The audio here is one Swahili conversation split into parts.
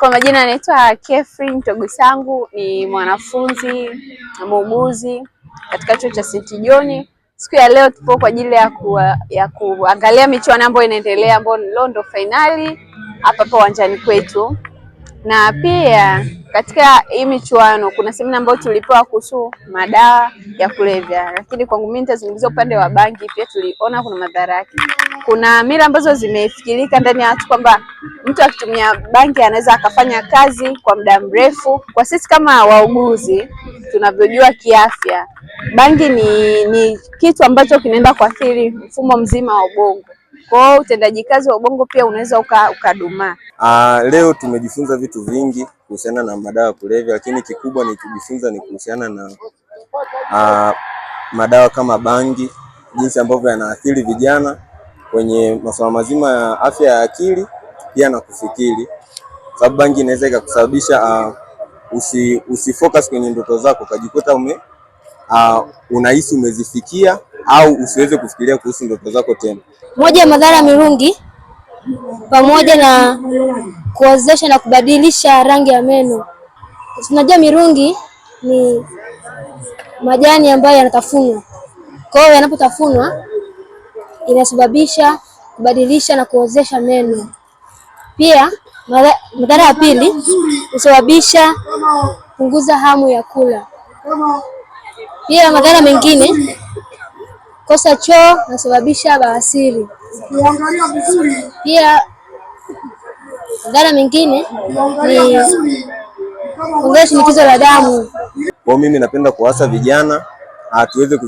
Kwa majina anaitwa Kefri Ntogosangu, ni mwanafunzi na muuguzi katika chuo cha St. John. Siku ya leo tupo kwa ajili ya, ku, ya kuangalia michuano ambayo inaendelea ambayo leo ndo fainali hapa hapa uwanjani kwetu, na pia katika hii michuano kuna semina ambayo tulipewa kuhusu madawa ya kulevya, lakini kwangu mimi nitazungumzia upande wa bangi. Pia tuliona kuna madhara yake, kuna mila ambazo zimefikirika ndani ya watu kwamba mtu akitumia bangi anaweza akafanya kazi kwa muda mrefu. Kwa sisi kama wauguzi tunavyojua kiafya, bangi ni, ni kitu ambacho kinaenda kuathiri mfumo mzima wa ubongo, kwa utendaji kazi wa ubongo pia unaweza ukadumaa. Uka ah, leo tumejifunza vitu vingi kuhusiana na madawa ya kulevya, lakini kikubwa ni kujifunza ni kuhusiana na aa, ah, madawa kama bangi, jinsi ambavyo yanaathiri vijana kwenye masuala mazima ya afya ya akili pia na kufikiri, sababu bangi inaweza ikakusababisha uh, usi, focus kwenye ndoto zako ukajikuta ume uh, unahisi umezifikia au usiweze kufikiria kuhusu ndoto zako tena. Moja ya madhara ya mirungi pamoja na kuozesha na kubadilisha rangi ya meno. Tunajua mirungi ni majani ambayo yanatafunwa, kwa hiyo yanapotafunwa inasababisha kubadilisha na kuozesha meno. Pia madhara ya pili husababisha kupunguza hamu ya kula. Pia madhara mengine, kosa choo nasababisha bawasiri. Pia madhara mengine ni kuongeza shinikizo la damu. Kwa mimi napenda kuasa vijana hatuweze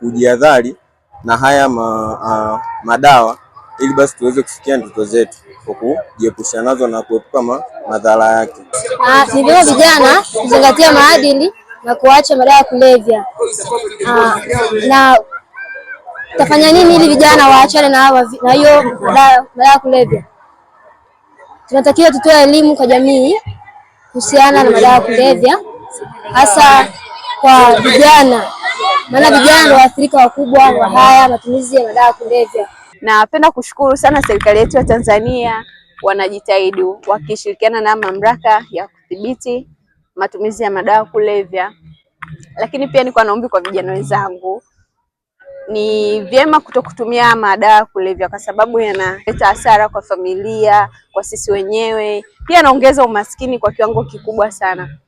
kujiadhari na haya ma, a, ah, madawa ili basi tuweze kufikia ndoto zetu kwa kujiepusha nazo na kuepuka madhara yake. Ah, ni vyema vijana kuzingatia maadili na kuacha madawa ya kulevya. Ah, na tafanya nini ili vijana waachane na hiyo madawa ya kulevya? Tunatakiwa tutoe elimu kwa jamii kuhusiana na madawa ya kulevya, hasa kwa vijana, maana vijana ndio waathirika wakubwa wa haya matumizi ya madawa ya kulevya. Napenda kushukuru sana serikali yetu ya Tanzania, wanajitahidi wakishirikiana na mamlaka ya kudhibiti matumizi ya madawa kulevya. Lakini pia kwa naombi kwa vijana wenzangu, ni vyema kutokutumia madawa kulevya kwa sababu yanaleta hasara kwa familia, kwa sisi wenyewe, pia yanaongeza umaskini kwa kiwango kikubwa sana.